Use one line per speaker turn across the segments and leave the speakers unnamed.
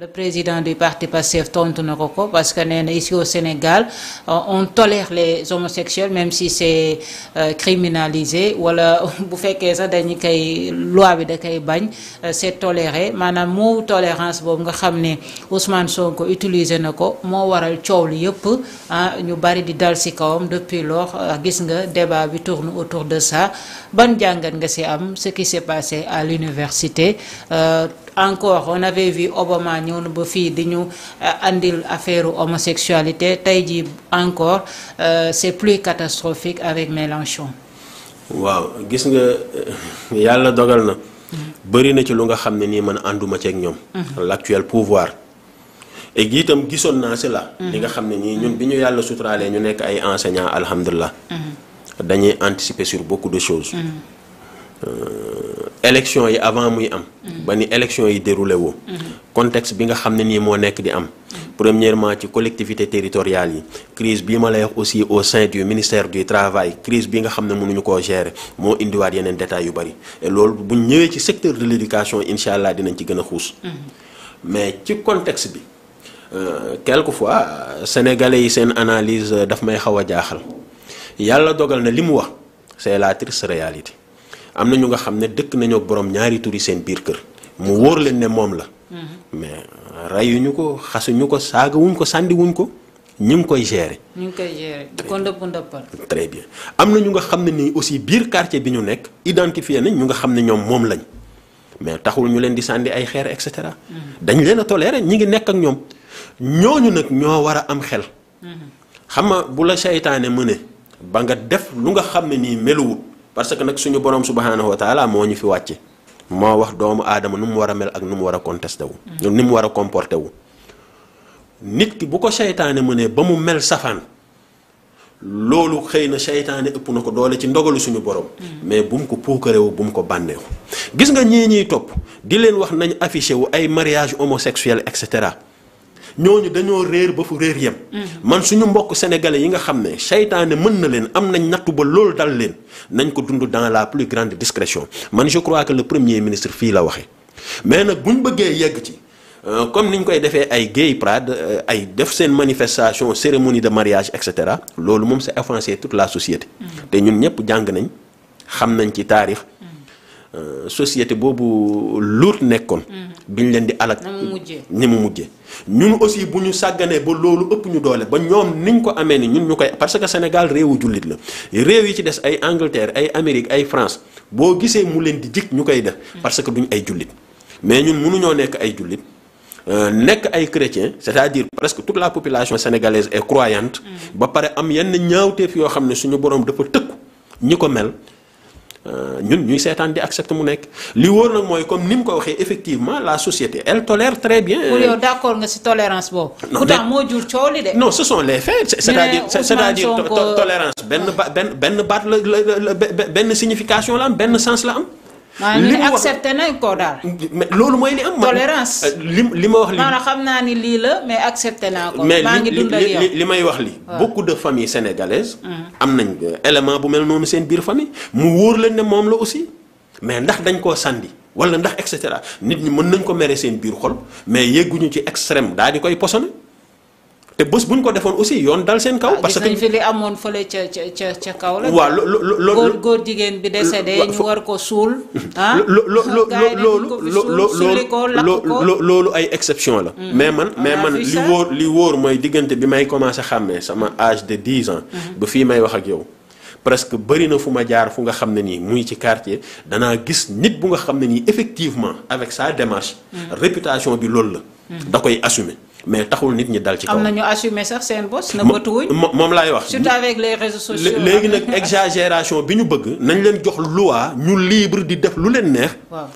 le président du parti Pastef tontu na ko ko parce que nee na ici au Sénégal euh, on tolère les homosexuels même si c'est euh, criminalisé wala bu fekkee sax dañu koy loi bi da koy bañ euh, c'est toléré maanaam moo tolérance boobu nga xam ne Ousmane Sonko utilisé na ko moo waral coow li yëpp ah, ñu bari di dal ci kawam depuis lors gis nga débat bi tourne autour de ça ban jàngat nga ci am ce qui s'est passé à l'université encore on avait vu Obama ñëw na ba fii di ñu euh, andil affaire homosexualité tey jii encore euh, c'est plus catastrophique avec Mélenchon.
waaw gis nga euh, yàlla dogal na. bëri na ci lu nga xam ne nii man ànduma ceek ñoom. Mhm. l'actuel pouvoir. et itam gisoon naa si la. Mhm. li nga xam ne nii ñun bi ñu yàlla suturaalee ñu nekk ay enseignants alhamdulilah. Mhm. dañuy anticiper sur beaucoup de choses. Euh, élection yi avant muy am. Mm-hmm. ba ni élection yi déroulé woo. Mm-hmm. contexte bi nga xam ne nii moo nekk di am. Mm-hmm. premièrement ci collectivité territoriale yi crise bii ma lay wax aussi au sein du ministère du travail crise bi nga xam ne mënuñu koo gérer moo indiwaat yeneen détails yu bari loolu bu ñëwee ci secteur de l'éducation incha allah dinañ ci gën a xuus. mais ci contexte bi euh, quelque fois sénégalais yi seen analyse euh, daf may xaw a jaaxal yàlla dogal na li mu wax c'est la triste réalité. am na ñu nga xam ne dëkk nañoo borom ñaari tur seen biir kër mu wóor leen ne moom la. Mhm. mais rayuñu ko xasuñu ko saagawuñ ko sàndiwuñ ko ñu ngi koy gérer. ñu ngi koy am na ñu nga xam ne nii aussi biir quartier bi ñu nekk identifier nañ ñu nga xam ne ñoom moom lañ mais taxul ñu leen di sàndi ay xeer et cetera. Mhm. dañ leen a tolérer ñi ngi nekk ak ñoom ñooñu nag ñoo war a am xel. Mhm. xam nga bu la seytaane mu ne ba nga def lu nga xam ne nii meluwut parce que nag suñu borom subhaanahu wa taala moo ñu fi wàcce moo wax doomu aadama nu mu war a mel ak nu mu war a contesté wu. Mm-hmm. ni mu war a comporté wu. nit ki bu ko seytaane mu ne ba mu mel safaan loolu xëy na seytaane ëpp na ko doole ci ndogalu suñu borom. Mm-hmm. mais bu mu ko puukarewu bu mu ko bànneexu. gis nga ñii ñii topp di leen wax nañ affiché wu ay mariage homosexuel et cetera. ñooñu dañoo réer ba fu réer yem. Mm-hmm. man suñu mbokk sénégalais yi nga xam ne seytaane mën na leen am nañ nattu ba loolu dal leen nañ ko dund dans la plus grande discrétion man je crois que le premier ministre fii la waxee mais nag buñ bëggee yegg ci. Euh, comme ni ñu koy defee ay gay pride euh, ay def seen manifestation cérémonie de mariage et cetera loolu moom c'est offenser toute la société. Mm-hmm. te ñun ñëpp jàng nañ xam nañ ci taarix Euh, société boobu luut nekkoon. Mm. biñ leen di alak ni mu mujjee ñun aussi bu ñu sàgganee ba loolu ëpp ñu doole ba ñoom niñ ko amee ni ñun ñu koy parce que Sénégal réewu jullit la réew yi ci des ay Angleterre ay Amérique ay France boo gisee mu leen di jik ñu koy def. Mm. parce que duñ ay jullit mais ñun ñoo nekk ay jullit. Euh, nekk ay chrétien c'est-à-dire presque tout la population sénégalaise est croyante. Mm. ba pare am yenn ñaawteef yoo xam ne suñu boroom dafa tëkku ñi ko mel. Euh, ñun ñuy seetaan di accepte mu nekk li wóor nag mooy comme ni mu ko waxee effectivement la société elle tolère très bien. pour yow
d'accord nga ci tolérance boobu. pourtant moo jur coow li de. non ce sont les faits. c'est-à-dire c'est-à-dire tolérance
benn ba benn benn baat la la la benn signification la am benn sens la am.
li mu wax nañ ko daal. loolu mooy li am. tolérance euh,
li li ma wax. li maanaam
xam naa ni lii la mais accepté naa ko. maa ngi dund ak yow mais li may wax li
beaucoup de famille sénégalaises. Mm. am nañ euh, élément bu mel noonu seen biir famille mu wóor leen ne moom la aussi mais ndax dañ koo sànni. wala ndax et cetera nit ñi mën nañ ko mere seen biir xol mais yegguñu ci extrême daa di koy posone te bés bu ñu ko defoon aussi yoon dal seen kaw. Ah, parce que fi
li amoon fële ca ca ca kaw la. waaw lo góor góor jigéen bi de décédé ñu war ko suul. Ah, lo lo lo
loolu ay exception la. Mm-hmm. mais man mais man li wóor li wóor mooy diggante bi may commencé xàmmee sama age de 10 ans. Mm-hmm. ba fii may wax ak yow. presque bëri na fu ma jaar fu nga xam ne nii muy ci quartier danaa gis nit bu nga xam ne nii effectivement avec sa démarche. Mm-hmm. réputation bi loolu la. da koy assumer. mais taxul nit ñi dal ci am na
ñu assumer sax seen boss. na bëtuwuñ moom laay wax. surtout avec les réseaux sociaux. léegi nag
exagération bi ñu bëgg nañ leen jox loi ñu libre di def lu leen neex.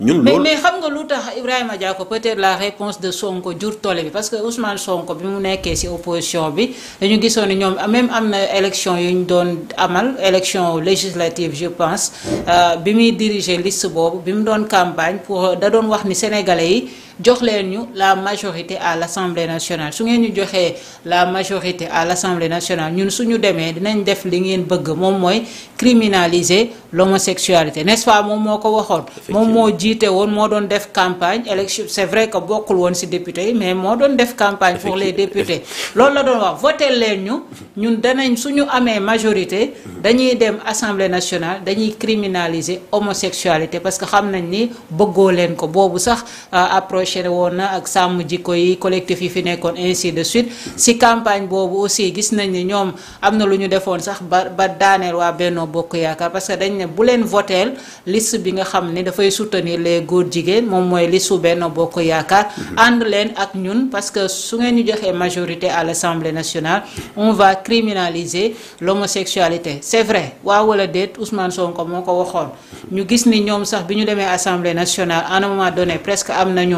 ñun mais
xam nga lu tax Ibrahima Diako peut-être la réponse de Sonko jur toole bi parce que Ousmane Sonko bi mu nekkee ci opposition bi dañu gisoon ni ñoom même am na élection yu ñu doon amal élection législative je pense euh, bi muy diriger list boobu bi mu doon campagne pour da doon wax ni sénégalais yi. jox leen ñu la majorité à l'Assemblée nationale su ngeen ñu joxee la majorité à l'Assemblée nationale ñun suñu demee dinañ def li ngeen bëgg moom mooy criminaliser l'homosexualité n'est-ce pas moom moo ko waxoon moom moo jiite woon moo doon def campagne élection c'est vrai que bokkul woon ci député yi mais moo doon def campagne pour les députés loolu la doon wax voté leen ñu ñun danañ suñu amee majorité dañuy dem assemblée nationale dañuy criminaliser homosexualité parce que xam nañ ni bëggoo leen ko boobu sax euh, approché woon na ak sàmm jikko yi collectif yi fi nekkoon ainsi de suite si campagne boobu aussi gis nañ ni ñoom am na lu ñu defoon sax ba ba ne bu leen voteel liste bi nga xam ne dafay soutenir les góor jigéen moom mooy liste su Benno Bokk Yaakaar mhm. ànd leen ak ñun parce que su ngeen ñu joxee majorité à l'Assemblée nationale on va criminaliser l'homosexualité c'est vrai waaw wala déet Ousmane Sonko moo ko waxoon mhm. ñu gis ni ñoom sax bi ñu demee Assemblée nationale à un moment donné presque am na ñu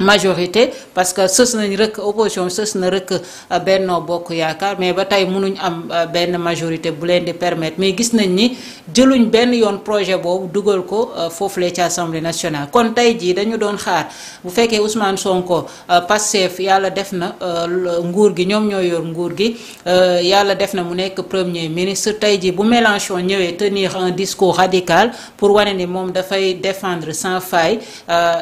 majorité parce que sës nañ rek opposition sës na rek euh, Benno Bokk Yaakaar mais ba tey mënuñ am euh, benn majorité bu leen di permettre mais gis nañ ni jëluñ benn yoon projet boobu dugal ko euh, foofu foofulee ci assemblée nationale. kon tey jii dañu doon xaar bu fekkee Ousmane Sonko Pastef yàlla def na nguur gi ñoom ñoo yor nguur gi yàlla def na mu nekk premier ministre tey jii bu Mélenchon ñëwee tenir un discours radical pour wane ni moom dafay défendre sans faille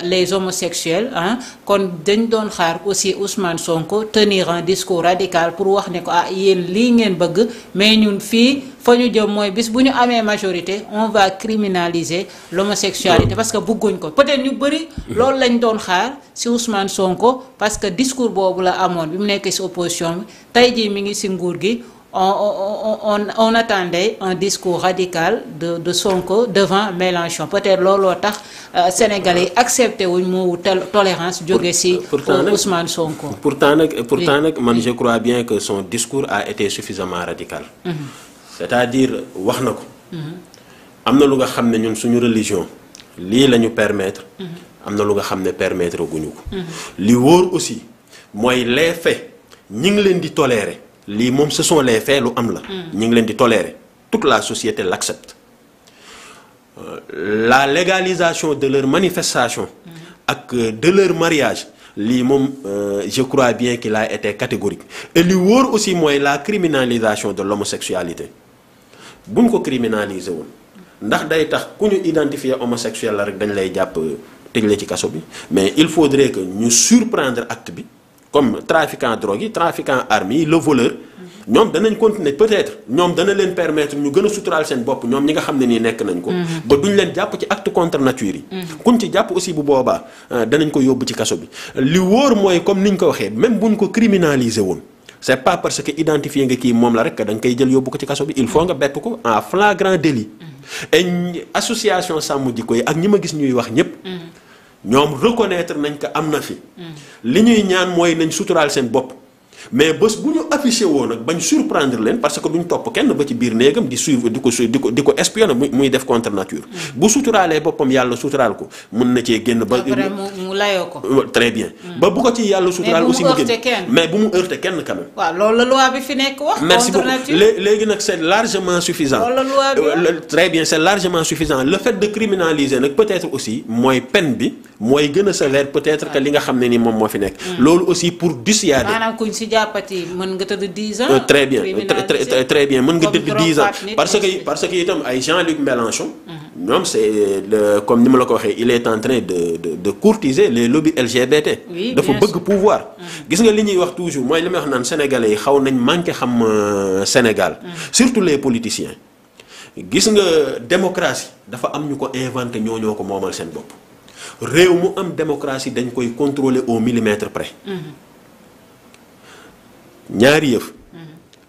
les homosexuels ah. kon dañ doon xaar aussi Ousmane Sonko tenir un discours radical pour wax ne ko ah yéen lii ngeen bëgg mais ñun fii fa ñu jëm mooy bis bu ñu amee majorité on va criminaliser l'homosexualité parce que bëgguñ ko peut-être ñu bëri loolu lañ doon xaar si Ousmane Sonko parce que discours boobu la amoon bi mu nekk si opposition bi tey jii mi ngi si nguur gi on on on attendait un discours radical de de Sonko devant Mélenchon peut-être looloo tax euh, sénégalais yi accepté wuñ mu tolérance jóge ci. pourtant nag Ousmane Sonko.
pourtant nag pourtant nag man je crois bien que son discours a été suffisamment radical.
Mm-hmm.
c'est-à-dire wax na ko.
Mm-hmm.
am na lu nga xam ne ñun suñu religion lii la ñu permettre. Mm-hmm. am na lu nga xam ne permettre guñu ko. li wóor aussi mooy les faits ñi ngi leen di tolérer. lii moom ce sont les faits lu am la. ñu ngi leen di tolérer tout la société l'accepte euh, la légalisation de leur manifestation. ak euh, de leur mariage. lii moom euh, je crois bien qu'il a été catégorique et li wóor aussi mooy la criminalisation de l'homosexualité buñ ko criminaliser woon ndax day tax ku ñu identifier homosexuel la rek dañ lay jàpp tëj la ci kaso bi mais il faudrait que ñu surprendre act bi. comme trafiquant drogue yi trafiquant armes yi le voleur ñoom danañ continuer peut-être ñoom dana leen permettre ñu gën a suturaal seen bopp ñoom ñi nga xam ne nii nekk nañ ko mm-hmm. ba duñ leen jàpp ci acte contre nature yi mm-hmm. kuñ ci jàpp aussi bu boobaa euh, danañ ko yóbbu ci kaso bi li wóor mooy comme niñ ko waxee bu buñ ko criminaliser woon c' est pas parce que identifié nga kii moom la rek da nga koy jël yóbbu ko ci kaso bi il faut nga bett ko en flagrant délit mm-hmm. ma gis ñuy wax ñëpp ñoom reconnaître nañ ko am na fi. li ñuy ñaan mooy nañ suturaal seen bopp. mais bés bu ñu affiché woo nag bañ surprendre leen parce que bu ñu topp kenn ba ci biir néegam di suivre di ko di ko muy def contre nature. Mm. bu suturaalee boppam yàlla suturaal ko mun na cee génn. ba mu layoo ko. Euh, très bien. Mm. ba yàlla suturaal aussi mu génn mais bu mu heurté kenn quand
la loi
léegi nag c' largement suffisant. la loi bi euh, très suffisant le fait de criminaliser nag peut être aussi mooy peine bi. mooy gën a sévère peut-être que li nga xam ne ni moom moo fi nekk. Mm. loolu aussi pour dissuader.
maanaam kuñ si jàppati mën nga tëdd 10 ans. Euh, très bien euh,
très très bien mën nga tëdd 10 ans parce que parce que itam ay Jean-Luc Mélenchon. Mm-hmm. ñoom c'est comme ni ma la ko waxee il est en train de de de courtiser les lobbies LGBT. dafa bëgg pouvoir. Mm-hmm. gis nga li ñuy wax toujours mooy li may wax naan sénégalais yi xaw nañ manqué xam euh, Sénégal. Mm-hmm. surtout les politiciens. gis nga démocratie dafa am ñu ko inventé ñoo ko moomal seen bopp. réew mu am démocratie dañ koy contrôler au millimètre près. ñaari yëf.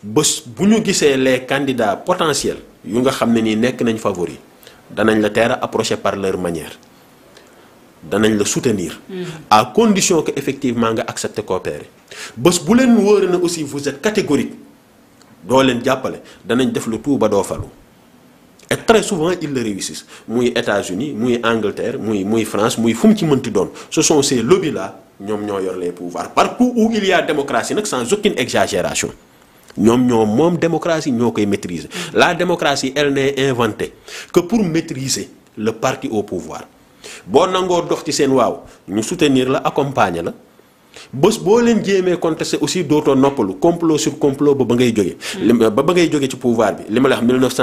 bés bu ñu gisee les candidats potentiels yu nga xam ne nii nekk nañ favori danañ la teel a approcher par leur manière danañ la soutenir. Mm-hmm. à condition que effectivement nga accepter coopérer bés bu leen wóore na aussi vous êtes doo leen jàppale danañ def lu tout ba doo falu. et très souvent ils le réussissent muy États-Unis muy Angleterre muy muy France muy fu mu ci mënti doon ce sont ce lobbies ñoom ñoo yor les pouvoirs partout où il y a démocratie nag sans aucune exagération ñoom ñoo moom démocratie ñoo koy maîtriser la démocratie elle n'est inventée que pour maîtriser le parti au pouvoir boo nangoo dox ci seen waaw ñu soutenir la accompagner la bés boo leen jéemee contesté aussi dootoo noppalu complot sur complot ba ba ngay jógee. Hmm. ba ba ngay jógee ci pouvoir bi li ma la wax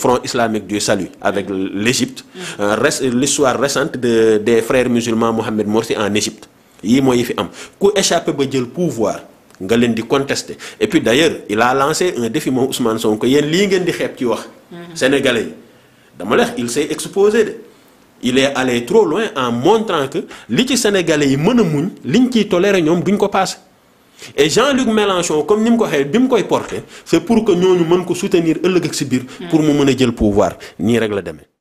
front islamique du salut avec hmm. l'Égypte hmm. Euh, l'histoire récente de des frères musulmans Morsi en Égypte yii mooy yi fi am ku échappé ba jël pouvoir. nga leen di contester et puis d'ailleurs il a lancé un défi moom Ousmane Sonko yéen lii ngeen di xeeb ci wax. Sénégalais yi dama leex il s'est exposé de. il est allé trop loin en montrant que li ci sénégalais yi mën a muñ liñ ciy toléré ñoom ñu ko passé et Jean-Luc Mélenchon comme ni mu ko waxee bi mu koy porté c'est pour que ñoo ñooñu mën ko soutenir ëllëg ak si biir. Hmm. pour mu mën a jël pouvoir nii rek la demee.